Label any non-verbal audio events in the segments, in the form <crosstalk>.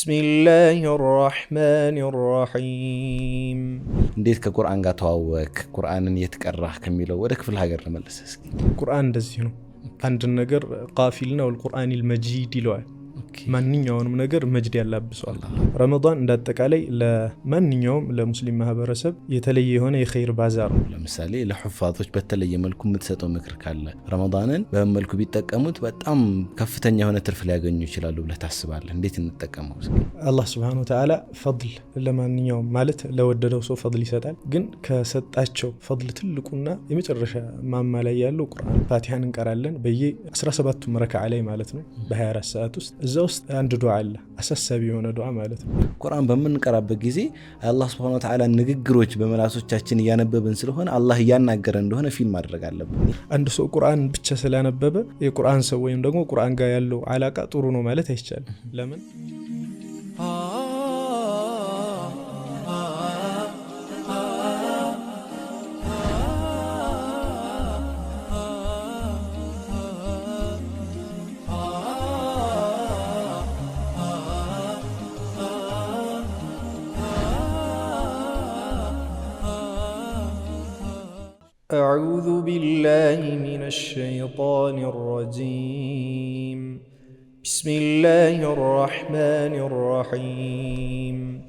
بسم الله الرحمن الرحيم እንዴት ከቁርአን ጋር ተዋወክ? ቁርአንን የት ከሚለው ወደ ክፍለ ሀገር ለመለሰ ቁርአን እንደዚህ ነው። አንድን ነገር ቃፊልና ወልቁርአን ልመጂድ ይለዋል ማንኛውንም ነገር መጅድ ያላብሷል። ረመዳን እንዳጠቃላይ ለማንኛውም ለሙስሊም ማህበረሰብ የተለየ የሆነ የኸይር ባዛር ነው። ለምሳሌ ለሑፋቶች በተለየ መልኩ የምትሰጠው ምክር ካለ ረመዳንን በመልኩ ቢጠቀሙት በጣም ከፍተኛ የሆነ ትርፍ ሊያገኙ ይችላሉ ብለህ ታስባለህ? እንዴት እንጠቀመው? አላህ ስብሃነሁ ወተዓላ ፈድል ለማንኛውም ማለት ለወደደው ሰው ፈድል ይሰጣል። ግን ከሰጣቸው ፈድል ትልቁና የመጨረሻ ማማ ላይ ያለው ቁርአን ፋቲሃን እንቀራለን በየ 17ቱም ረካዓ ላይ ማለት ነው በ24 ሰዓት ውስጥ እዛ ውስጥ አንድ ዱዓ አለ፣ አሳሳቢ የሆነ ዱዓ ማለት ነው። ቁርአን በምንቀራበት ጊዜ አላህ ስብሐነ ወተዓላ ንግግሮች በመላሶቻችን እያነበብን ስለሆነ አላህ እያናገረ እንደሆነ ፊል ማድረግ አለብን። አንድ ሰው ቁርአን ብቻ ስላነበበ የቁርአን ሰው ወይም ደግሞ ቁርአን ጋር ያለው አላቃ ጥሩ ነው ማለት አይቻልም። ለምን? الرحمن الرحيم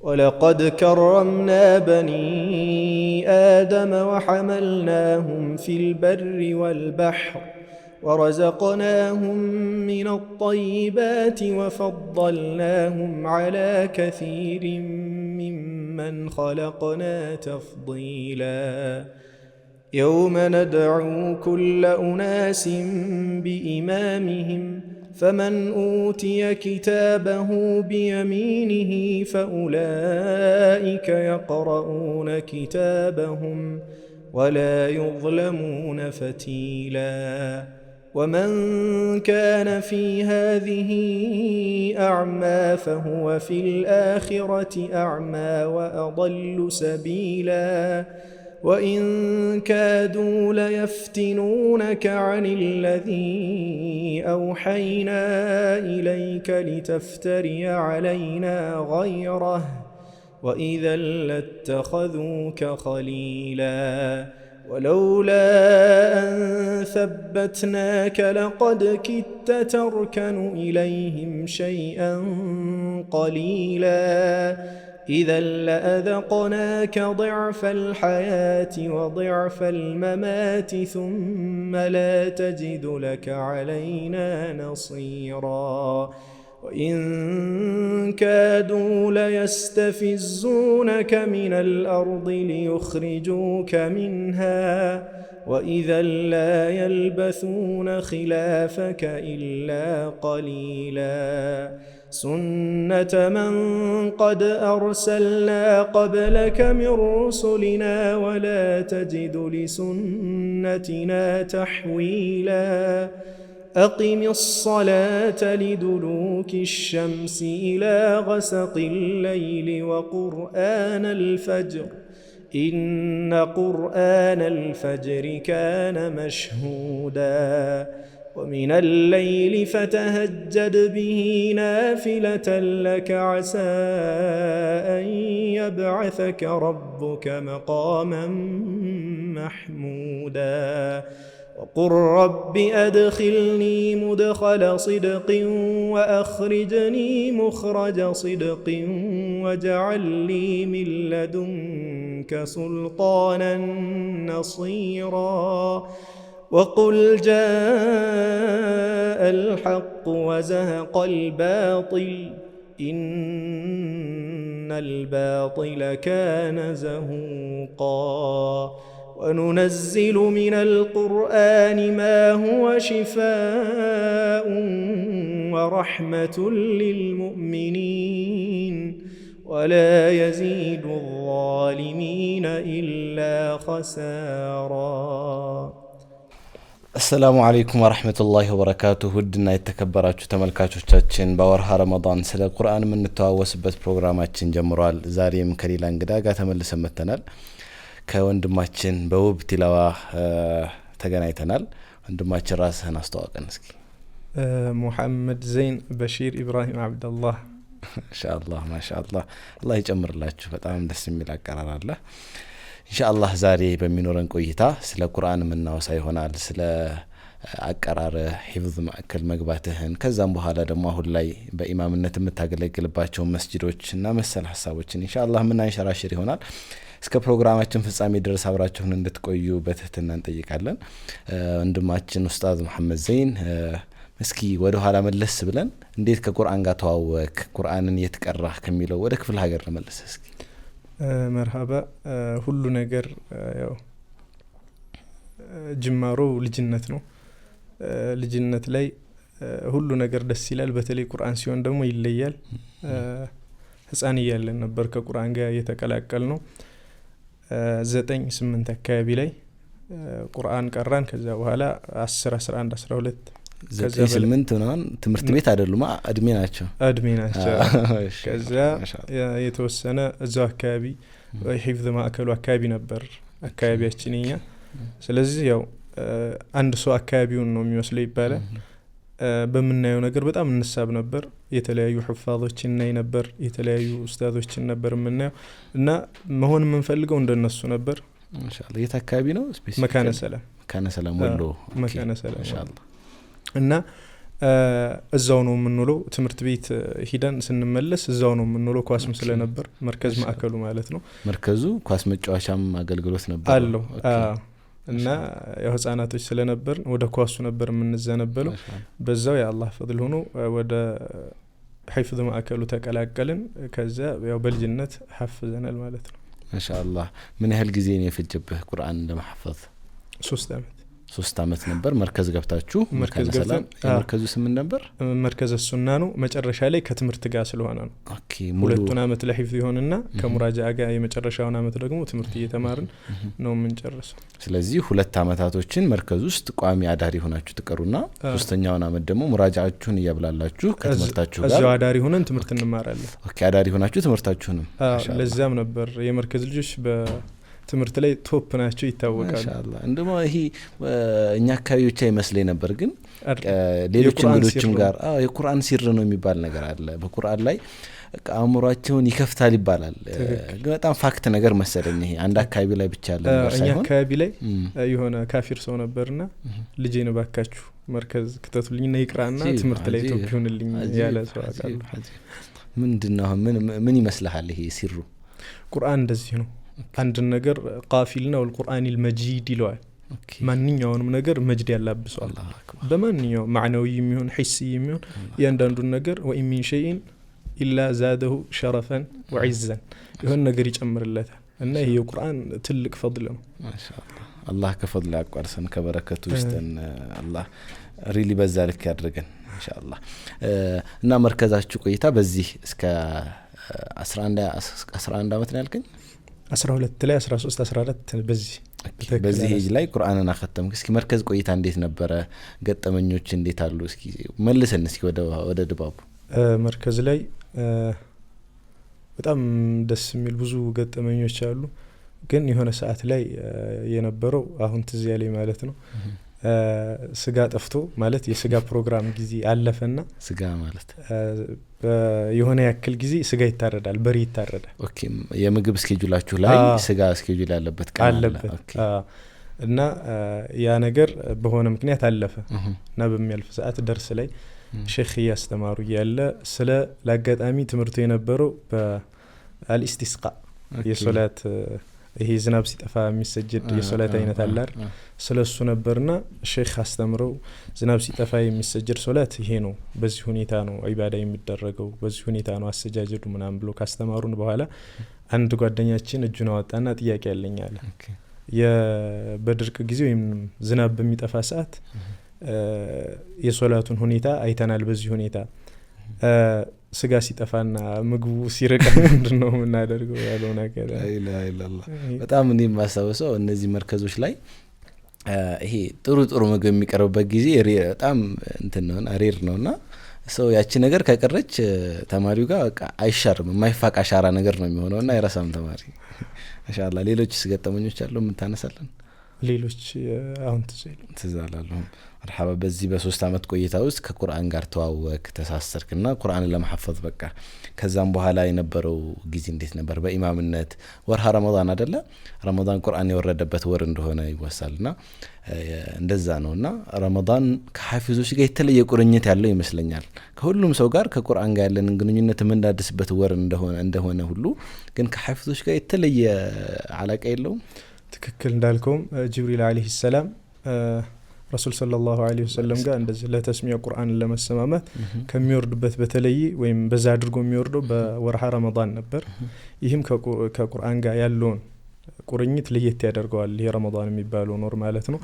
ولقد كرمنا بني آدم وحملناهم في البر والبحر ورزقناهم من الطيبات وفضلناهم على كثير ممن خلقنا تفضيلا يوم ندعو كل أناس بإمامهم فمن اوتي كتابه بيمينه فاولئك يقرؤون كتابهم ولا يظلمون فتيلا ومن كان في هذه اعمى فهو في الاخره اعمى واضل سبيلا وإن كادوا ليفتنونك عن الذي أوحينا إليك لتفتري علينا غيره وإذا لاتخذوك خليلا ولولا أن ثبتناك لقد كدت تركن إليهم شيئا قليلا إذا لأذقناك ضعف الحياة وضعف الممات ثم لا تجد لك علينا نصيرا وإن كادوا ليستفزونك من الأرض ليخرجوك منها وإذا لا يلبثون خلافك إلا قليلاً سنه من قد ارسلنا قبلك من رسلنا ولا تجد لسنتنا تحويلا اقم الصلاه لدلوك الشمس الى غسق الليل وقران الفجر ان قران الفجر كان مشهودا ومن الليل فتهجد به نافلة لك عسى أن يبعثك ربك مقاما محمودا وقل رب أدخلني مدخل صدق وأخرجني مخرج صدق واجعل لي من لدنك سلطانا نصيراً وقل جاء الحق وزهق الباطل ان الباطل كان زهوقا وننزل من القران ما هو شفاء ورحمه للمؤمنين ولا يزيد الظالمين الا خسارا አሰላሙ አለይኩም ወረህመቱላሂ ወበረካቱ ውድና የተከበራችሁ ተመልካቾቻችን በወርሃ ረመዳን ስለ ቁርአን የምንተዋወስበት ፕሮግራማችን ጀምሯል። ዛሬም ከሌላ እንግዳ ጋር ተመልሰን መጥተናል። ከወንድማችን በውብ ቲላዋ ተገናኝተናል። ወንድማችን ራስህን አስተዋውቀን እስኪ። ሙሐመድ ዘይን በሺር ኢብራሂም አብደላህ። ማሻአላህ ማሻአላህ፣ አላህ ይጨምርላችሁ። በጣም ደስ የሚል አቀራር አለ። ኢንሻአላህ ዛሬ በሚኖረን ቆይታ ስለ ቁርአን የምናወሳ ይሆናል። ስለ አቀራርህ ሂፍዝ ማዕከል መግባትህን ከዛም በኋላ ደግሞ አሁን ላይ በኢማምነት የምታገለግልባቸው መስጅዶች እና መሰል ሀሳቦችን ኢንሻአላህ የምናንሸራሽር ይሆናል። እስከ ፕሮግራማችን ፍጻሜ ድረስ አብራችሁን እንድትቆዩ በትህትና እንጠይቃለን። ወንድማችን ኡስታዝ መሐመድ ዘይን እስኪ ወደ ኋላ መለስ ብለን እንዴት ከቁርአን ጋር ተዋወክ፣ ቁርአንን የትቀራህ ከሚለው ወደ ክፍለ ሀገር ለመለስ እስኪ መርሀባ ሁሉ ነገር ያው ጅማሮ ልጅነት ነው። ልጅነት ላይ ሁሉ ነገር ደስ ይላል። በተለይ ቁርአን ሲሆን ደግሞ ይለያል። ህፃን እያለን ነበር ከቁርአን ጋር እየተቀላቀል ነው። ዘጠኝ ስምንት አካባቢ ላይ ቁርአን ቀራን። ከዛ በኋላ አስር አስራ አንድ አስራ ሁለት ዘጠኝ ስምንት ምናምን ትምህርት ቤት አይደሉማ እድሜ ናቸው እድሜ ናቸው። ከዚያ የተወሰነ እዛው አካባቢ ሒፍዝ ማዕከሉ አካባቢ ነበር አካባቢያችን ኛ ስለዚህ ያው አንድ ሰው አካባቢውን ነው የሚመስለው ይባላል። በምናየው ነገር በጣም እንሳብ ነበር። የተለያዩ ሑፋዞችን እናይ ነበር። የተለያዩ ኡስታዞችን ነበር የምናየው እና መሆን የምንፈልገው እንደነሱ ነበር። የት አካባቢ ነው? መካነ ሰላም መካነ ሰላም ወሎ መካነ ሰላም እና እዛው ነው የምንውለው። ትምህርት ቤት ሂደን ስንመለስ እዛው ነው የምንውለው። ኳስም ስለነበር መርከዝ ማዕከሉ ማለት ነው። መርከዙ ኳስ መጫወቻም አገልግሎት ነበር አለው እና ያው ህጻናቶች ስለነበር ወደ ኳሱ ነበር የምንዘነበለው። በዛው የአላህ ፈድል ሆኖ ወደ ሒፍዝ ማዕከሉ ተቀላቀልን። ከዚያ ያው በልጅነት ሐፍዘናል ማለት ነው። ማሻ አላህ ምን ያህል ጊዜ ነው የፈጀብህ ቁርአን ለማሐፈዝ? ሶስት አመት ሶስት አመት ነበር መርከዝ ገብታችሁ። መርከዙ ስምን ነበር መርከዝ እሱና ነው። መጨረሻ ላይ ከትምህርት ጋር ስለሆነ ነው። ሁለቱን አመት ለሒፍዝ ሆንና ከሙራጃ ጋር የመጨረሻውን አመት ደግሞ ትምህርት እየተማርን ነው የምንጨርሰው። ስለዚህ ሁለት አመታቶችን መርከዝ ውስጥ ቋሚ አዳሪ ሆናችሁ ትቀሩና ሶስተኛውን አመት ደግሞ ሙራጃችሁን እያብላላችሁ ከትምህርታችሁ ጋር እዚያው አዳሪ ሆነን ትምህርት እንማራለን። አዳሪ ሆናችሁ ትምህርታችሁንም ለዚያም ነበር የመርከዝ ልጆች ትምህርት ላይ ቶፕ ናቸው ይታወቃሉ። እንደሞ ይሄ እኛ አካባቢ ብቻ ይመስለኝ ነበር፣ ግን ሌሎች እንግዶችም ጋር የቁርአን ሲር ነው የሚባል ነገር አለ። በቁርአን ላይ አእምሯቸውን ይከፍታል ይባላል። በጣም ፋክት ነገር መሰለኝ። ይሄ አንድ አካባቢ ላይ ብቻ ያለ ነገር ሳይሆን እኛ አካባቢ ላይ የሆነ ካፊር ሰው ነበርና ልጄን ባካችሁ መርከዝ ክተቱልኝና ይቅራና ትምህርት ላይ ቶፕ ይሆንልኝ ያለ ሰው አውቃለሁ። ምንድን ነው ምን ይመስልሃል? ይሄ ሲሩ ቁርአን እንደዚህ ነው አንድን ነገር ቃፊልና ወልቁርአን ልመጂድ ይለዋል። ማንኛውንም ነገር መጅድ ያላብሰዋል። በማንኛው ማዕናዊ የሚሆን ሒሲ የሚሆን እያንዳንዱን ነገር ወኢን ሚን ሸይን ኢላ ዛደሁ ሸረፈን ወዒዘን የሆን ነገር ይጨምርለታል። እና ይህ የቁርአን ትልቅ ፈድል ነው። አላህ ከፈድል አቋርሰን ከበረከቱ ውስጥን አላህ ሪሊ በዛ ልክ ያድርገን ኢንሻአላህ። እና መርከዛችሁ ቆይታ በዚህ እስከ አስራ አንድ ዓመት ነው ያልከኝ 12 ላይ 13 14 በዚህ በዚህ ሄጅ ላይ ቁርአንን አከተምክ። እስኪ መርከዝ ቆይታ እንዴት ነበረ? ገጠመኞች እንዴት አሉ? እስኪ መልሰን እስኪ ወደ ድባቡ መርከዝ ላይ በጣም ደስ የሚል ብዙ ገጠመኞች አሉ። ግን የሆነ ሰዓት ላይ የነበረው አሁን ትዝ ያለኝ ማለት ነው ስጋ ጠፍቶ ማለት የስጋ ፕሮግራም ጊዜ አለፈና ስጋ ማለት የሆነ ያክል ጊዜ ስጋ ይታረዳል፣ በሬ ይታረዳል። የምግብ እስኬጁላችሁ ላይ ስጋ እስኬጁል ያለበት ቀን አለበት እና ያ ነገር በሆነ ምክንያት አለፈ እና በሚያልፍ ሰዓት ደርስ ላይ ሼክ እያስተማሩ እያለ ስለ ለአጋጣሚ ትምህርቱ የነበረው በአልኢስቲስቃ የሶላት ይሄ ዝናብ ሲጠፋ የሚሰጀድ የሶላት አይነት አላር ስለ እሱ ነበርና ሼክ አስተምረው ዝናብ ሲጠፋ የሚሰጀድ ሶላት ይሄ ነው፣ በዚህ ሁኔታ ነው ኢባዳ የሚደረገው፣ በዚህ ሁኔታ ነው አሰጃጀዱ ምናምን ብሎ ካስተማሩን በኋላ አንድ ጓደኛችን እጁን አወጣና ጥያቄ ያለኝ አለ። በድርቅ ጊዜ ወይም ዝናብ በሚጠፋ ሰዓት የሶላቱን ሁኔታ አይተናል። በዚህ ሁኔታ ስጋ ሲጠፋና ምግቡ ሲርቅ <laughs> ምንድን ነው የምናደርገው? ያለው ነገር በጣም እኔ የማስታውሰው እነዚህ መርከዞች ላይ ይሄ ጥሩ ጥሩ ምግብ የሚቀርብበት ጊዜ በጣም እንትን ነው ሬር ነው እና ሰው ያቺ ነገር ከቀረች ተማሪው ጋር አይሻርም፣ የማይፋቅ አሻራ ነገር ነው የሚሆነው እና አይረሳም ተማሪ። ማሻአላህ ሌሎች ስገጠመኞች አሉ የምታነሳለን? ሌሎች አሁን ትዝ አይሉም መርሓባ በዚህ በሶስት አመት ቆይታ ውስጥ ከቁርአን ጋር ተዋወክ ተሳሰርክ እና ቁርአን ለማሐፈዝ በቃ። ከዛም በኋላ የነበረው ጊዜ እንዴት ነበር? በኢማምነት ወርሃ ረመዳን አደለ? ረመዳን ቁርአን የወረደበት ወር እንደሆነ ይወሳል እና እንደዛ ነው እና ረመዳን ከሐፊዞች ጋር የተለየ ቁርኝት ያለው ይመስለኛል። ከሁሉም ሰው ጋር ከቁርአን ጋር ያለንን ግንኙነት የምናድስበት ወር እንደሆነ ሁሉ ግን ከሐፊዞች ጋር የተለየ አላቃ የለውም ትክክል እንዳልከውም ጅብሪል አለይሂ ሰላም ረሱል ሰለላሁ አለይሂ ወሰለም ጋር እንደዚህ ለተስሚያ ቁርአን ለመሰማማት ከሚወርዱበት በተለይ ወይም በዛ አድርጎ የሚወርደው በወርሃ ረመዳን ነበር። ይህም ከቁርአን ጋር ያለውን ቁርኝት ለየት ያደርገዋል። ይሄ ረመዳን የሚባለው ኖር ማለት ነው።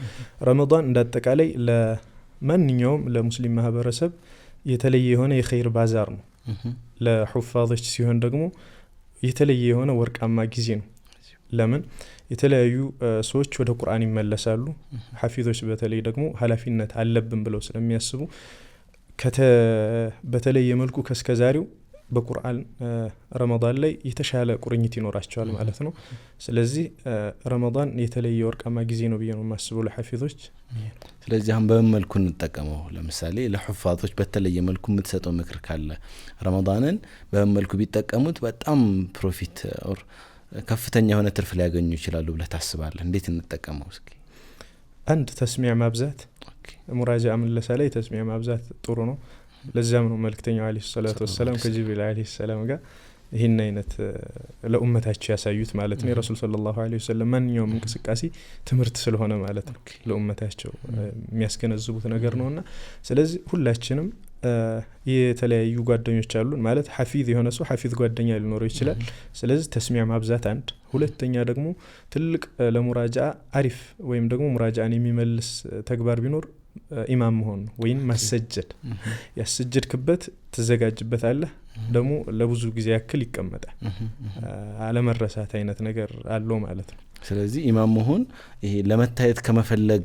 ረመዳን እንዳጠቃላይ ለማንኛውም ለሙስሊም ማህበረሰብ የተለየ የሆነ የኸይር ባዛር ነው። ለሑፋዞች ሲሆን ደግሞ የተለየ የሆነ ወርቃማ ጊዜ ነው። ለምን የተለያዩ ሰዎች ወደ ቁርአን ይመለሳሉ። ሐፊዞች በተለይ ደግሞ ኃላፊነት አለብን ብለው ስለሚያስቡ በተለየ መልኩ ከስከዛሬው በቁርአን ረመዳን ላይ የተሻለ ቁርኝት ይኖራቸዋል ማለት ነው። ስለዚህ ረመዳን የተለየ ወርቃማ ጊዜ ነው ብዬ ነው የማስበው ለሐፊዞች። ስለዚህ አሁን በምን መልኩ እንጠቀመው? ለምሳሌ ለሑፋቶች በተለየ መልኩ የምትሰጠው ምክር ካለ ረመዳንን በምን መልኩ ቢጠቀሙት በጣም ፕሮፊት ኦር ከፍተኛ የሆነ ትርፍ ሊያገኙ ይችላሉ ብለህ ታስባለህ? እንዴት እንጠቀመው? እስኪ አንድ ተስሚያ ማብዛት፣ ሙራጃ ምለሳ ላይ ተስሚያ ማብዛት ጥሩ ነው። ለዚያም ነው መልክተኛው አለ ሰላቱ ወሰላም ከጅብሪል አለ ሰላም ጋር ይህን አይነት ለኡመታቸው ያሳዩት ማለት ነው። የረሱል ሰለላሁ አለይሂ ወሰለም ማንኛውም እንቅስቃሴ ትምህርት ስለሆነ ማለት ነው ለኡመታቸው የሚያስገነዝቡት ነገር ነውና፣ ስለዚህ ሁላችንም የተለያዩ ጓደኞች አሉን ማለት ሐፊዝ የሆነ ሰው ሐፊዝ ጓደኛ ሊኖረው ይችላል። ስለዚህ ተስሚያ ማብዛት አንድ፣ ሁለተኛ ደግሞ ትልቅ ለሙራጃ አሪፍ ወይም ደግሞ ሙራጃን የሚመልስ ተግባር ቢኖር ኢማም መሆን ወይም ማሰጀድ። ያሰጀድክበት ትዘጋጅበት አለ ደግሞ ለብዙ ጊዜ ያክል ይቀመጣል። አለመረሳት አይነት ነገር አለው ማለት ነው። ስለዚህ ኢማም መሆን ይሄ ለመታየት ከመፈለግ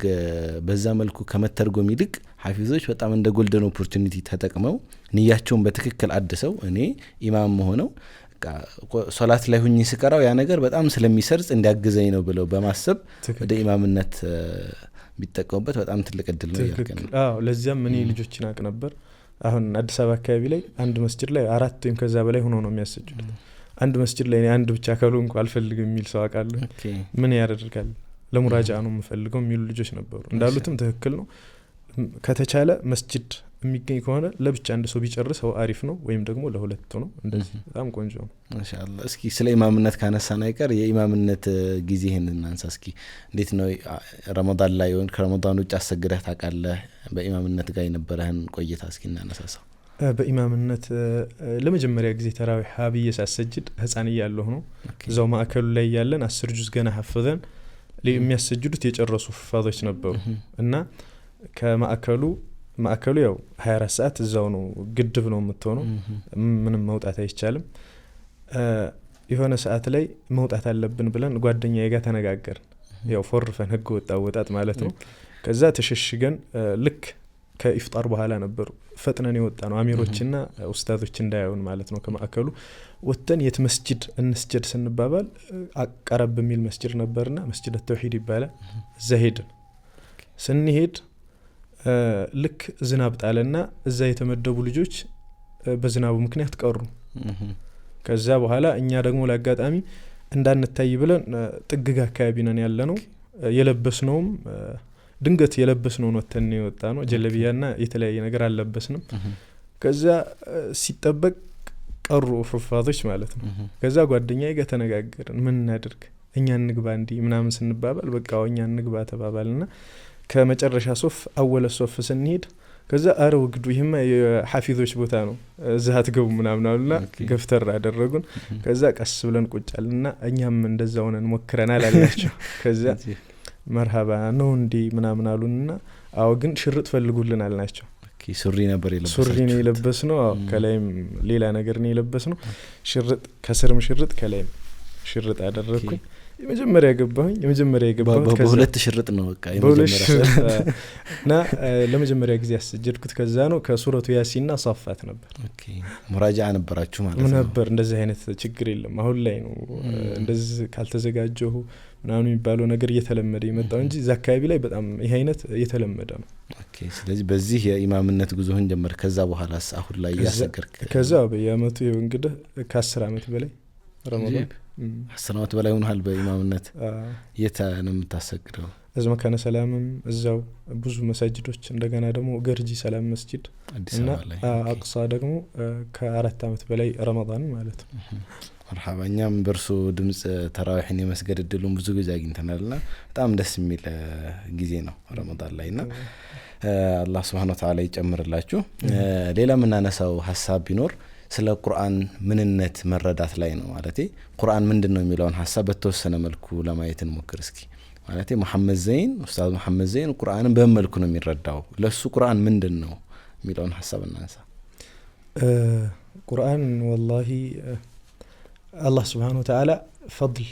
በዛ መልኩ ከመተርጎም ይልቅ ሀፊዞች በጣም እንደ ጎልደን ኦፖርቹኒቲ ተጠቅመው ንያቸውን በትክክል አድሰው እኔ ኢማም መሆነው ሶላት ላይ ሁኝ ስቀራው ያ ነገር በጣም ስለሚሰርጽ እንዲያግዘኝ ነው ብለው በማሰብ ወደ ኢማምነት ቢጠቀሙበት በጣም ትልቅ እድል ነው እያልከኝ ለዚያም እኔ ልጆችን አቅ ነበር። አሁን አዲስ አበባ አካባቢ ላይ አንድ መስጅድ ላይ አራት ወይም ከዛ በላይ ሆኖ ነው የሚያሰጁት አንድ መስጅድ ላይ አንድ ብቻ ከሎንኩ አልፈልግም የሚል ሰው አውቃለሁ። ምን ያደርጋል ለሙራጃ ነው የምፈልገው የሚሉ ልጆች ነበሩ። እንዳሉትም ትክክል ነው። ከተቻለ መስጅድ የሚገኝ ከሆነ ለብቻ አንድ ሰው ቢጨርሰው አሪፍ ነው፣ ወይም ደግሞ ለሁለቱ ነው። እንደዚህ በጣም ቆንጆ ነው። እስኪ ስለ ኢማምነት ካነሳን አይቀር የኢማምነት ጊዜህን እናንሳ እስኪ። እንዴት ነው ረመዳን ላይ ከረመዳን ውጭ አሰግደህ ታውቃለህ? በኢማምነት ጋር የነበረህን ቆይታ እስኪ እናነሳሳው። በኢማምነት ለመጀመሪያ ጊዜ ተራዊ ሀብዬ ሳሰጅድ ህፃን እያለሁ ነው። እዛው ማዕከሉ ላይ ያለን አስር ጁዝ ገና ሀፍዘን የሚያሰጅዱት የጨረሱ ፋዞች ነበሩ እና ከማዕከሉ ማዕከሉ ያው 24 ሰዓት እዛው ነው፣ ግድብ ነው የምትሆነው፣ ምንም መውጣት አይቻልም። የሆነ ሰዓት ላይ መውጣት አለብን ብለን ጓደኛ ጋር ተነጋገርን። ያው ፎርፈን ህገ ወጥ አወጣጥ ማለት ነው። ከዛ ተሸሽገን ልክ ከኢፍጣር በኋላ ነበር ፈጥነን የወጣ ነው። አሚሮችና ኡስታዞች እንዳያዩን ማለት ነው። ከማዕከሉ ወተን የት መስጅድ እንስጀድ ስንባባል አቀረብ የሚል መስጅድ ነበርና መስጅድ ተውሂድ ይባላል። እዛ ሄድን። ስንሄድ ልክ ዝናብ ጣለና እዛ የተመደቡ ልጆች በዝናቡ ምክንያት ቀሩ። ከዛ በኋላ እኛ ደግሞ ለአጋጣሚ እንዳንታይ ብለን ጥግግ አካባቢ ነን ያለ ነው የለበስ ነውም ድንገት የለበስነውን ወተን የወጣ ነው። ጀለቢያ ና የተለያየ ነገር አልለበስንም። ከዚያ ሲጠበቅ ቀሩ ፏፏቴዎች ማለት ነው። ከዚያ ጓደኛ ጋር ተነጋገርን። ምን እናድርግ እኛ እንግባ እንዲ ምናምን ስንባባል በቃ እኛ እንግባ ና ከመጨረሻ ሶፍ አወለ ሶፍ ስንሄድ ከዛ አረ ውግዱ ይህማ የሐፊዞች ቦታ ነው እዚህ አትገቡ ምናምን አሉና ገፍተር አደረጉን። ከዛ ቀስ ብለን ቁጫል ና እኛም እንደዛ ሆነን ሞክረናል አላቸው። ከዚያ መርሀባ ነው እንዲ ምናምን አሉን እና አዎ፣ ግን ሽርጥ ፈልጉልናል ናቸው። ሱሪ ነበር ሱሪ ነው የለበስ ነው። ከላይም ሌላ ነገር ነው የለበስ ነው። ሽርጥ ከስርም ሽርጥ ከላይም ሽርጥ አደረግኩኝ። የመጀመሪያ ገባሁኝ። የመጀመሪያ የገባሁት ሽርጥ ነው። በቃ እና ለመጀመሪያ ጊዜ ያስጀድኩት ከዛ ነው። ከሱረቱ ያሲና ና ሳፋት ነበር። ሙራጃ ነበራችሁ ማለት ነው? ነበር እንደዚህ አይነት ችግር የለም። አሁን ላይ ነው እንደዚህ ካልተዘጋጀሁ ምናምን የሚባለው ነገር እየተለመደ የመጣው እንጂ እዚ አካባቢ ላይ በጣም ይህ አይነት እየተለመደ ነው። ስለዚህ በዚህ የኢማምነት ጉዞህን ጀመር። ከዛ በኋላ አሁን ላይ እያሰገርክ ከዛ በየአመቱ ይኸው እንግዲህ ከአስር አመት በላይ ረመዳን አስር አመት በላይ ሆኗል በኢማምነት። የት ነው የምታሰግደው? እዚ መካነ ሰላምም እዛው ብዙ መሳጅዶች እንደገና ደግሞ ገርጂ ሰላም መስጂድ እና አቅሳ ደግሞ ከአራት አመት በላይ ረመን ማለት ነው። መርሓባ እኛም በእርሱ ድምፅ ተራዊሕን የመስገድ እድሉን ብዙ ጊዜ አግኝተናል ና በጣም ደስ የሚል ጊዜ ነው ረመን ላይ ና አላህ ስብሓን ተላ ይጨምርላችሁ። ሌላ የምናነሳው ሀሳብ ቢኖር ስለ ቁርአን ምንነት መረዳት ላይ ነው። ማለት ቁርአን ምንድን ነው የሚለውን ሀሳብ በተወሰነ መልኩ ለማየት እንሞክር እስኪ። ማለቴ መሐመድ ዘይን ኡስታዝ መሐመድ ዘይን ቁርአንን በምን መልኩ ነው የሚረዳው? ለሱ ቁርአን ምንድን ነው የሚለውን ሀሳብ እናንሳ። ቁርአን ወላሂ አላህ ስብሓን ወተዓላ ፈድል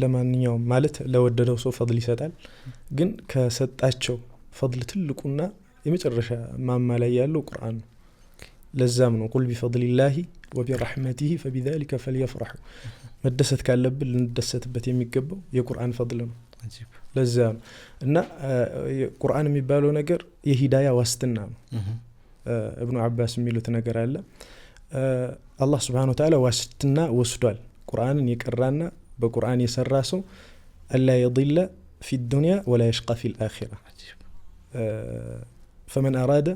ለማንኛውም ማለት ለወደደው ሰው ፈድል ይሰጣል። ግን ከሰጣቸው ፈድል ትልቁና የመጨረሻ ማማ ላይ ያለው ቁርአን ነው። ለዛም ነው ቁል ቢፈድሊላሂ ወቢረሕመቲሂ ፈቢዛሊከ ፈልየፍራሑ መደሰት ካለብን ልንደሰትበት የሚገባው የቁርአን ፈድል ነው። عجيب لزام ان آه، قران የሚባለው ነገር የሂዳያ ابن عباس የሚሉት ነገር الله سبحانه وتعالى واستنا وسدال قرآن يقرأنا بالقران يسرى سو ألا يضل في الدنيا ولا يشقى في الآخرة فمن أراد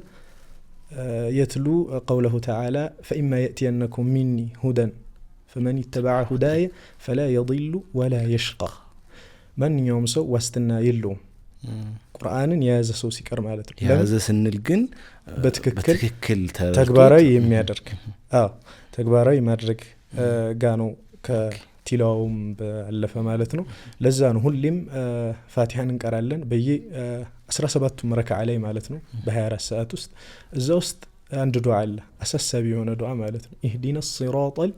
يتلو قوله تعالى فإما يأتينكم مني هدى فمن اتبع هداي فلا يضل ولا يشقى ማንኛውም ሰው ዋስትና የለውም ቁርአንን የያዘ ሰው ሲቀር ማለት ነው። የያዘ ስንል ግን በትክክል ተግባራዊ የሚያደርግ ተግባራዊ ማድረግ ጋ ነው ከቲላውም ባለፈ ማለት ነው። ለዛ ነው ሁሌም ፋቲሐን እንቀራለን በየ 17ቱም ረካዓ ላይ ማለት ነው በ24 ሰዓት ውስጥ እዛ ውስጥ አንድ ዱዓ አለ፣ አሳሳቢ የሆነ ዱዓ ማለት ነው። ኢህዲነ ሲራጠል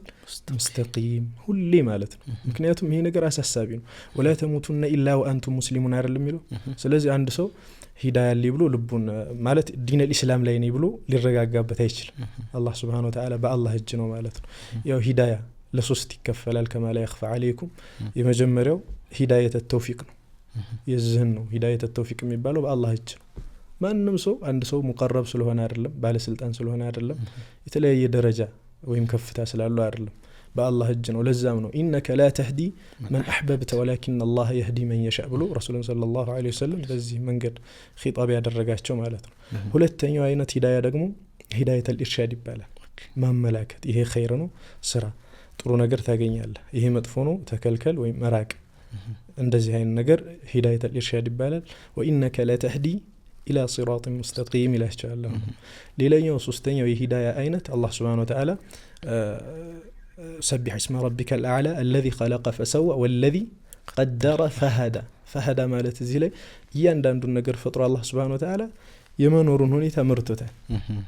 ሙስተቂም ሁሌ ማለት ነው። ምክንያቱም ይሄ ነገር አሳሳቢ ነው። ወላ ተሙቱና ኢላ ወአንቱም ሙስሊሙን አይደለም የሚለው። ስለዚህ አንድ ሰው ሂዳያ ሊ ብሎ ልቡን ማለት ዲነል ኢስላም ላይ ነኝ ብሎ ሊረጋጋበት አይችልም። አላህ ስብሓነሁ ወተዓላ በአላህ እጅ ነው ማለት ነው። ያው ሂዳያ ለሶስት ይከፈላል። ከማ ላ የኽፋ ዓለይኩም የመጀመሪያው ሂዳየተ ተውፊቅ ነው። የዚህን ነው ሂዳየተ ተውፊቅ የሚባለው በአላህ እጅ ነው። ማንም ሰው አንድ ሰው ሙቀረብ ስለሆነ አይደለም፣ ባለስልጣን ስለሆነ አይደለም፣ የተለያየ ደረጃ ወይም ከፍታ ስላሉ አይደለም። በአላህ እጅ ነው። ለዛም ነው ኢነከ ላ ተህዲ መን አሕበብተ ወላኪን አላህ የህዲ መን የሻ ብሎ ረሱሉም ሰለላሁ ዐለይሂ ወሰለም በዚህ መንገድ ኺጣብ ያደረጋቸው ማለት ነው። ሁለተኛው አይነት ሂዳያ ደግሞ ሂዳየተል ኢርሻድ ይባላል። ማመላከት። ይሄ ኸይር ነው ስራ፣ ጥሩ ነገር ታገኛለህ። ይሄ መጥፎ ነው ተከልከል ወይም መራቅ። እንደዚህ አይነት ነገር ሂዳየተል ኢርሻድ ይባላል። ወኢነከ ላ ተህዲ إلى صراط مستقيم إلى lilayo sustenyo hidaya aynat allah subhanahu سبح اسم ربك الأعلى الذي خلق فسوى والذي قدر فهدى فهدى ما لا تزيلي يندن دون نقر فطر الله سبحانه وتعالى يمنورون هوني تمرتوتا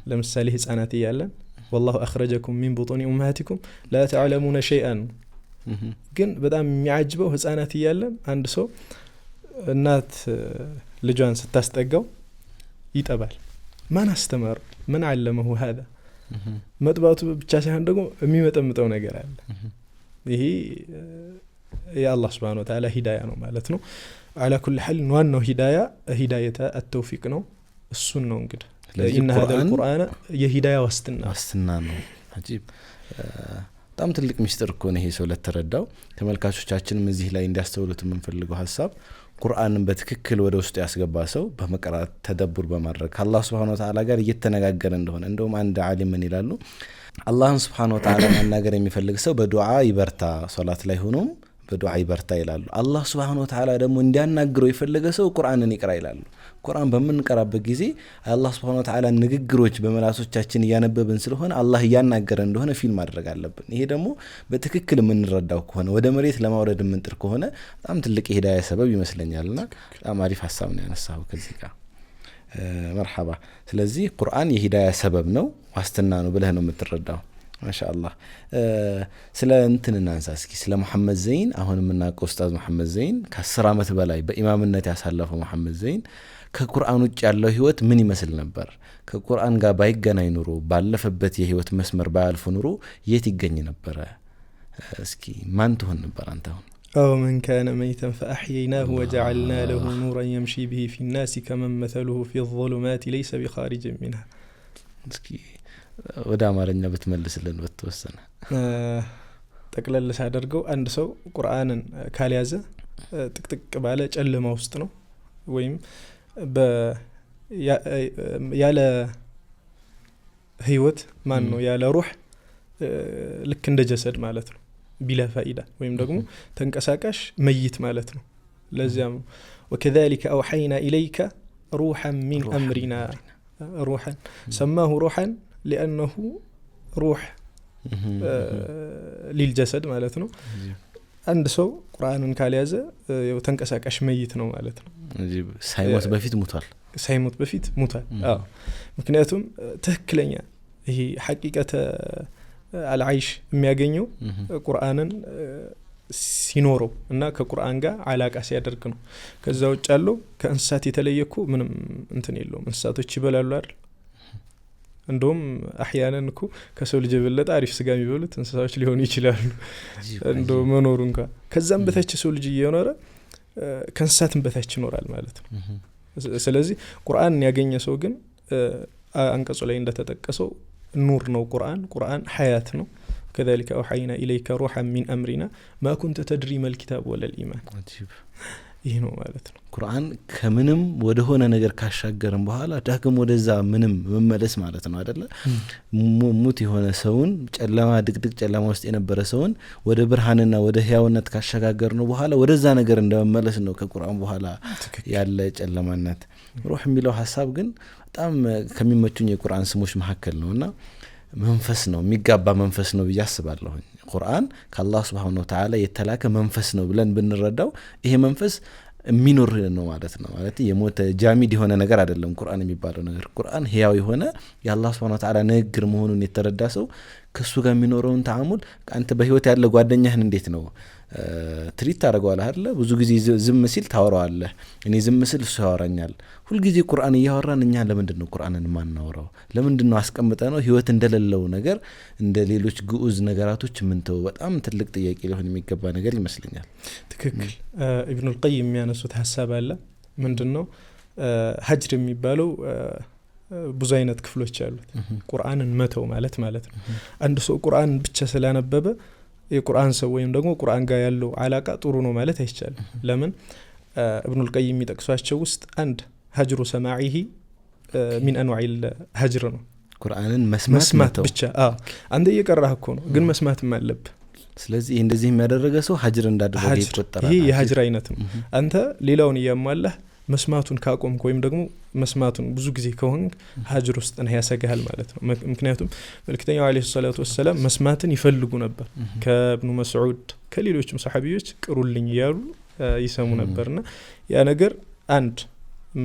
لمسالي هسعناتي يالا والله أخرجكم من بطون أمهاتكم لا تعلمون شيئا قن بدأ معجبه هسعناتي يالا عند سو النات لجوان ستاستقو ይጠባል። ማን አስተማሩ? ምን አለመሁ ሀዛ መጥባቱ ብቻ ሳይሆን ደግሞ የሚመጠምጠው ነገር አለ። ይሄ የአላህ ስብሃነ ወተዓላ ሂዳያ ነው ማለት ነው። አላ ኩል ሓል ዋናው ሂዳያ ሂዳየተ አተውፊቅ ነው። እሱን ነው እንግዲህ ኢነ ሀዛ ቁርአን የሂዳያ ዋስትና ዋስትና ነው። በጣም ትልቅ ሚስጥር እኮ ይሄ ሰው ለተረዳው ተመልካቾቻችንም እዚህ ላይ እንዲያስተውሉት የምንፈልገው ሀሳብ ቁርአንን በትክክል ወደ ውስጡ ያስገባ ሰው በመቅራት ተደቡር በማድረግ ከአላህ ስብሐነ ወተዓላ ጋር እየተነጋገረ እንደሆነ እንደውም አንድ አሊም ምን ይላሉ? አላህን ስብሐነ ወተዓላ ማናገር የሚፈልግ ሰው በዱዓ ይበርታ፣ ሶላት ላይ ሆኖም በዱዓ ይበርታ ይላሉ። አላህ ስብሐነ ወተዓላ ደግሞ እንዲያናግረው የፈለገ ሰው ቁርአንን ይቅራ ይላሉ። ቁርአን በምንቀራበት ጊዜ አላህ ስብሐነ ወተዓላ ንግግሮች በመላሶቻችን እያነበብን ስለሆነ አላህ እያናገረ እንደሆነ ፊል ማድረግ አለብን። ይሄ ደግሞ በትክክል የምንረዳው ከሆነ ወደ መሬት ለማውረድ የምንጥር ከሆነ በጣም ትልቅ የሂዳያ ሰበብ ይመስለኛል። ና በጣም አሪፍ ሀሳብ ነው ያነሳው ከዚህ ጋር መርሓባ። ስለዚህ ቁርአን የሂዳያ ሰበብ ነው፣ ዋስትና ነው ብለህ ነው የምትረዳው። ማሻ አላህ ስለ እንትን እናንሳ እስኪ ስለ መሐመድ ዘይን አሁን የምናውቀው ኡስታዝ መሐመድ ዘይን ከአስር ዓመት በላይ በኢማምነት ያሳለፈው መሐመድ ዘይን ከቁርአን ውጭ ያለው ህይወት ምን ይመስል ነበር? ከቁርአን ጋር ባይገናኝ ኑሮ ባለፈበት የህይወት መስመር ባያልፍ ኑሮ የት ይገኝ ነበረ? እስኪ ማን ትሆን ነበር አንተ? አሁን አው መን ካነ መይተን ፈአሕየይናሁ ወጀዐልና ለሁ ኑረን የምሺ ብሂ ፊ ናሲ ከመን መተሉሁ ፊ ዙሉማት ለይሰ ቢኻሪጅን ሚንሃ እስኪ ወደ አማርኛ ብትመልስልን በተወሰነ ጠቅለል ሳደርገው አንድ ሰው ቁርአንን ካልያዘ ጥቅጥቅ ባለ ጨለማ ውስጥ ነው ወይም ያለ ህይወት ማን ነው ያለ ሩህ ልክ እንደ ጀሰድ ማለት ነው ቢላ ፋኢዳ ወይም ደግሞ ተንቀሳቃሽ መይት ማለት ነው ለዚያም ወከሊከ አውሐይና ኢለይከ ሩሐን ሚን አምሪና ሩሐን ሰማሁ ሩሐን لأنه روح ሊልጀሰድ ማለት ነው። አንድ ሰው ቁርአንን ካልያዘ ያው ተንቀሳቃሽ መይት ነው ማለት ነው። ሳይሞት በፊት ሙቷል። ሳይሞት በፊት ሙቷል። ምክንያቱም ትክክለኛ ይሄ ሐቂቀተ አልዓይሽ የሚያገኘው ቁርአንን ሲኖረው እና ከቁርአን ጋር አላቃ ሲያደርግ ነው። ከዛ ውጭ ያለው ከእንስሳት የተለየኩ ምንም እንትን የለውም። እንስሳቶች ይበላሉ አይደል? እንደውም አህያነን እኮ ከሰው ልጅ የበለጠ አሪፍ ስጋ የሚበሉት እንስሳዎች ሊሆኑ ይችላሉ። እንደ መኖሩ እንኳ ከዛም በታች ሰው ልጅ እየኖረ ከእንስሳትን በታች ይኖራል ማለት ነው። ስለዚህ ቁርአን ያገኘ ሰው ግን አንቀጹ ላይ እንደተጠቀሰው ኑር ነው ቁርአን። ቁርአን ሀያት ነው። ከዛሊከ አውሐይና ኢለይከ ሩሐን ሚን አምሪና ማኩንተ ተድሪ መልኪታብ ወለል ኢማን ይህ ነው ማለት ነው። ቁርአን ከምንም ወደሆነ ነገር ካሻገርን በኋላ ዳግም ወደዛ ምንም መመለስ ማለት ነው አደለ? ሙት የሆነ ሰውን ጨለማ ድቅድቅ ጨለማ ውስጥ የነበረ ሰውን ወደ ብርሃንና ወደ ህያውነት ካሸጋገር ነው በኋላ ወደዛ ነገር እንደመመለስ ነው ከቁርአን በኋላ ያለ ጨለማነት። ሩህ የሚለው ሀሳብ ግን በጣም ከሚመቹኝ የቁርአን ስሞች መካከል ነው እና መንፈስ ነው የሚጋባ መንፈስ ነው ብዬ አስባለሁኝ ቁርአን ከአላህ ስብሃነ ወተዓላ የተላከ መንፈስ ነው ብለን ብንረዳው ይሄ መንፈስ የሚኖር ነው ማለት ነው። ማለት የሞተ ጃሚድ የሆነ ነገር አይደለም። ቁርአን የሚባለው ነገር ቁርአን ህያው የሆነ የአላህ ስብሐነ ወተዓላ ንግግር መሆኑን የተረዳ ሰው ከእሱ ጋር የሚኖረውን ተአሙል አንተ በህይወት ያለ ጓደኛህን እንዴት ነው ትሪት ታደርገዋል ብዙ ጊዜ ዝም ሲል ታወራዋለህ። እኔ ዝም ስል እሱ ያወራኛል። ሁልጊዜ ቁርአን እያወራን እኛ ለምንድን ነው ቁርአንን የማናወራው? ለምንድን ነው አስቀምጠ ነው ህይወት እንደሌለው ነገር እንደ ሌሎች ግዑዝ ነገራቶች የምንተው? በጣም ትልቅ ጥያቄ ሊሆን የሚገባ ነገር ይመስለኛል። ትክክል። ኢብኑል የሚያነሱት ሀሳብ አለ። ምንድን ነው ሀጅር የሚባለው ብዙ አይነት ክፍሎች አሉት። ቁርአንን መተው ማለት ማለት ነው። አንድ ሰው ቁርአን ብቻ ስላነበበ የቁርአን ሰው ወይም ደግሞ ቁርአን ጋር ያለው አላቃ ጥሩ ነው ማለት አይቻልም። ለምን እብኑልቀይም የሚጠቅሷቸው ውስጥ አንድ ሀጅሩ ሰማዒሂ ሚን አንዋዒል ሀጅር ነው። ቁርአንን መስማት ብቻ አንተ እየቀራህ እኮ ነው፣ ግን መስማትም አለብ። ስለዚህ እንደዚህ የሚያደረገ ሰው ሀጅር እንዳደረገ ይቆጠራል። ይህ የሀጅር አይነት ነው። አንተ ሌላውን እያሟላህ መስማቱን ካቆምክ ወይም ደግሞ መስማቱን ብዙ ጊዜ ከሆንክ ሀጅር ውስጥ ነህ ያሰጋሃል ማለት ነው። ምክንያቱም መልክተኛው ዓለይሂ ሰላቱ ወሰላም መስማትን ይፈልጉ ነበር። ከእብኑ መስዑድ ከሌሎችም ሰሓቢዎች ቅሩልኝ እያሉ ይሰሙ ነበርና ያ ነገር አንድ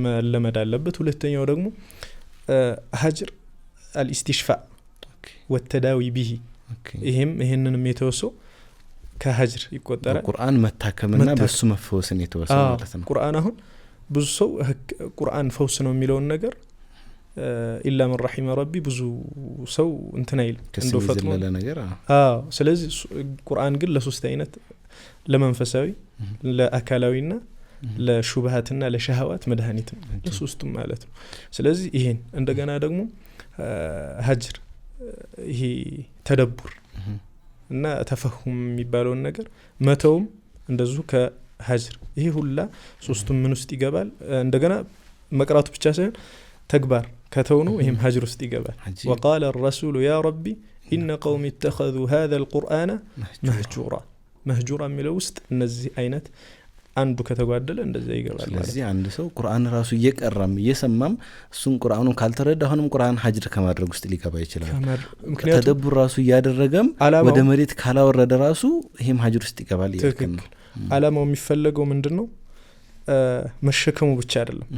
መለመድ አለበት። ሁለተኛው ደግሞ ሀጅር አልኢስቲሽፋ ወተዳዊ ብሂ ይህም ይህንንም የተወሰው ከሀጅር ይቆጠራል። ቁርአን መታከምና በሱ መፈወስን የተወሰው ማለት ነው። ቁርአን አሁን ብዙ ሰው ቁርአን ፈውስ ነው የሚለውን ነገር ኢላ ምን ረሒመ ረቢ ብዙ ሰው እንትን አይልም እንደፈጥኖ ነገር። ስለዚህ ቁርአን ግን ለሶስት አይነት ለመንፈሳዊ፣ ለአካላዊና ለሹብሃትና ለሸህዋት መድኃኒት ነው ለሶስቱም ማለት ነው። ስለዚህ ይሄን እንደገና ደግሞ ሀጅር ይሄ ተደቡር እና ተፈሁም የሚባለውን ነገር መተውም እንደዚሁ ሀጅር ይሄ ሁላ ሶስቱም ምን ውስጥ ይገባል። እንደገና መቅራቱ ብቻ ሳይሆን ተግባር ከተውኑ ይህም ሀጅር ውስጥ ይገባል። ወቃለ ረሱሉ ያ ረቢ ኢነ ቀውም ኢተኸዙ ሀዘ ልቁርአነ መህጁራ መህጁራ የሚለው ውስጥ እነዚህ አይነት አንዱ ከተጓደለ እንደዚያ ይገባል። ስለዚህ አንድ ሰው ቁርአን ራሱ እየቀራም እየሰማም እሱን ቁርአኑን ካልተረዳ አሁንም ቁርአን ሀጅር ከማድረግ ውስጥ ሊገባ ይችላል። ተደቡር ራሱ እያደረገም ወደ መሬት ካላወረደ ራሱ ይህም ሀጅር ውስጥ ይገባል። ትክክል አላማው የሚፈለገው ምንድን ነው? መሸከሙ ብቻ አይደለም።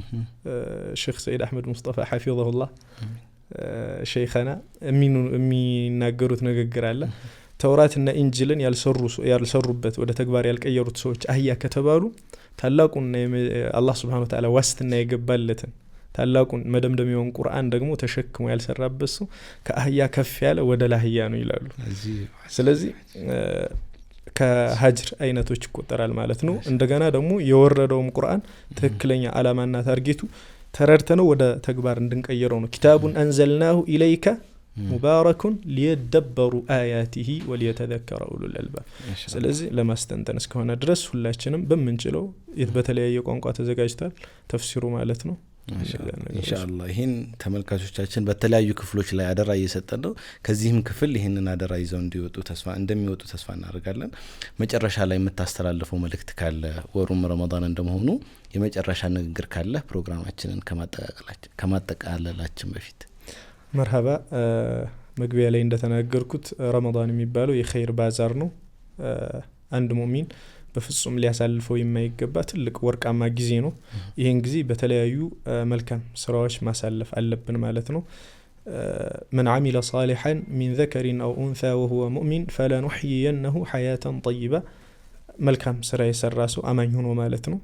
ሼክ ሰይድ አሕመድ ሙስጠፋ ሐፊዘሁላህ ሸይኸና የሚናገሩት ንግግር አለ። ተውራትና ኢንጅልን ያልሰሩበት ወደ ተግባር ያልቀየሩት ሰዎች አህያ ከተባሉ ታላቁና አላህ ስብሃነ ወተዓላ ዋስትና የገባለትን ታላቁን መደምደሚያውን ቁርአን ደግሞ ተሸክሞ ያልሰራበት ሰው ከአህያ ከፍ ያለ ወደ ላህያ ነው ይላሉ። ስለዚህ ከሀጅር አይነቶች ይቆጠራል ማለት ነው። እንደገና ደግሞ የወረደውም ቁርአን ትክክለኛ አላማና ታርጌቱ ተረድተ ነው ወደ ተግባር እንድንቀይረው ነው። ኪታቡን አንዘልናሁ ኢለይከ ሙባረኩን ሊየደበሩ አያቲሂ ወሊየተዘከረ ኡሉል አልባብ። ስለዚህ ለማስተንተን እስከሆነ ድረስ ሁላችንም በምንችለው በተለያየ ቋንቋ ተዘጋጅቷል ተፍሲሩ ማለት ነው እንሻላ ይህን ተመልካቾቻችን በተለያዩ ክፍሎች ላይ አደራ እየሰጠን ነው። ከዚህም ክፍል ይህንን አደራ ይዘው እንዲወጡ ተስፋ እንደሚወጡ ተስፋ እናደርጋለን። መጨረሻ ላይ የምታስተላልፈው መልእክት ካለ ወሩም ረመን እንደመሆኑ የመጨረሻ ንግግር ካለ ፕሮግራማችንን ከማጠቃለላችን በፊት መርሀባ። መግቢያ ላይ እንደተናገርኩት ረመን የሚባለው የኸይር ባዛር ነው። አንድ ሙሚን በፍጹም ሊያሳልፈው የማይገባ ትልቅ ወርቃማ ጊዜ ነው። ይህን ጊዜ በተለያዩ መልካም ስራዎች ማሳለፍ አለብን ማለት ነው። መን አሚለ ሳሊሐን ሚን ዘከሪን አው ኡንሳ ወሁወ ሙእሚን ፈለኑሕይየነሁ ሐያተን ጠይባ መልካም ስራ የሰራ ሰው አማኝ ሆኖ ማለት ነው።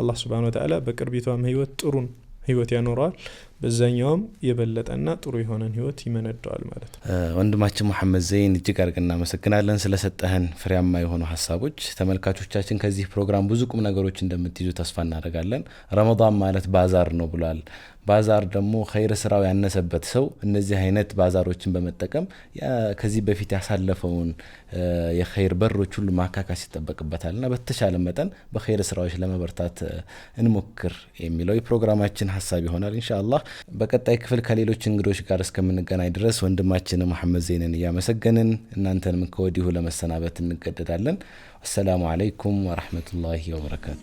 አላህ ስብሃነ ወተዓላ በቅርቢቷም ህይወት ጥሩን ህይወት ያኖረዋል። በዛኛውም የበለጠና ጥሩ የሆነን ህይወት ይመነደዋል ማለት ነው። ወንድማችን መሐመድ ዘይን እጅግ አድርገን እናመሰግናለን ስለሰጠህን ፍሬያማ የሆኑ ሀሳቦች። ተመልካቾቻችን ከዚህ ፕሮግራም ብዙ ቁም ነገሮች እንደምትይዙ ተስፋ እናደርጋለን። ረመዳን ማለት ባዛር ነው ብሏል። ባዛር ደግሞ ኸይር ስራው ያነሰበት ሰው እነዚህ አይነት ባዛሮችን በመጠቀም ከዚህ በፊት ያሳለፈውን የኸይር በሮች ሁሉ ማካካስ እና በተቻለ መጠን በኸይር ስራዎች ለመበርታት እንሞክር የሚለው የፕሮግራማችን ሀሳብ ይሆናል ኢንሻ በቀጣይ ክፍል ከሌሎች እንግዶች ጋር እስከምንገናኝ ድረስ ወንድማችን መሐመድ ዜንን እያመሰገንን እናንተንም ከወዲሁ ለመሰናበት እንገደዳለን። አሰላሙ አለይኩም ወረህመቱላሂ ወበረካቱ።